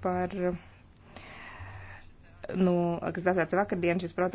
par no, nu, kas atsāca vakardien šis protokols.